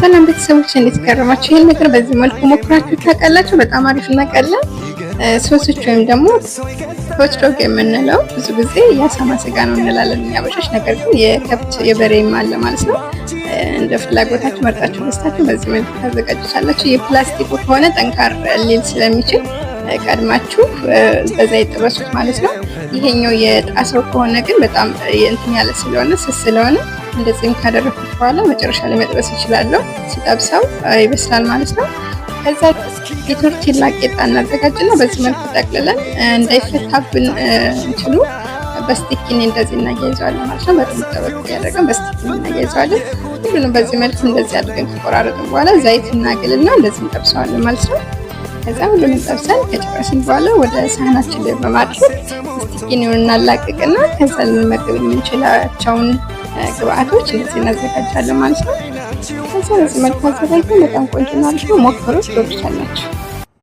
ሰላም ቤተሰቦች እንዴት ከረማችሁ? ይህን ነገር በዚህ መልኩ ሞክራችሁ ታውቃላችሁ? በጣም አሪፍ እና ቀላል ሶሶች ወይም ደግሞ ሆትዶግ የምንለው ብዙ ጊዜ የአሳማ ስጋ ነው እንላለን እኛ አበሾች። ነገር ግን የከብት የበሬም አለ ማለት ነው። እንደ ፍላጎታችሁ መርጣችሁ ገዝታችሁ በዚህ መልኩ ታዘጋጅታላችሁ። የፕላስቲኩ ከሆነ ጠንካር ሊል ስለሚችል ቀድማችሁ በዛ የጥበሱት ማለት ነው። ይሄኛው የጣሰው ከሆነ ግን በጣም እንትን ያለ ስለሆነ ስስ ስለሆነ እንደዚህም ካደረኩት በኋላ መጨረሻ ላይ መጥበስ ይችላለሁ። ሲጠብሰው ይበስላል ማለት ነው። ከዛ የቶርቲላ ቄጣ እናዘጋጅና በዚህ መልኩ ጠቅልለን እንዳይፈታብን እንችሉ በስቲኪን እንደዚህ እናያይዘዋለን ማለት ነው። በጣም ጠበቅ እያደረገን በስቲኪን እናያይዘዋለን። ሁሉንም በዚህ መልክ እንደዚህ አድርገን ከቆራረጥን በኋላ ዘይት እናግልና እንደዚህ እንጠብሰዋለን ማለት ነው። ከዛ ሁሉንም ጠብሰን ከጨረስን በኋላ ወደ ሳህናችን ላይ በማድረግ ስቲኪን እናላቅቅና ከዛ ልንመገብ የምንችላቸውን ግብአቶች እነዚህ እናዘጋጃለን ማለት ነው። ከዛ በዚህ መልኩ አዘጋጅተን በጣም ቆንጆ አድርገን ሞክሩት። ትወዱታላችሁ።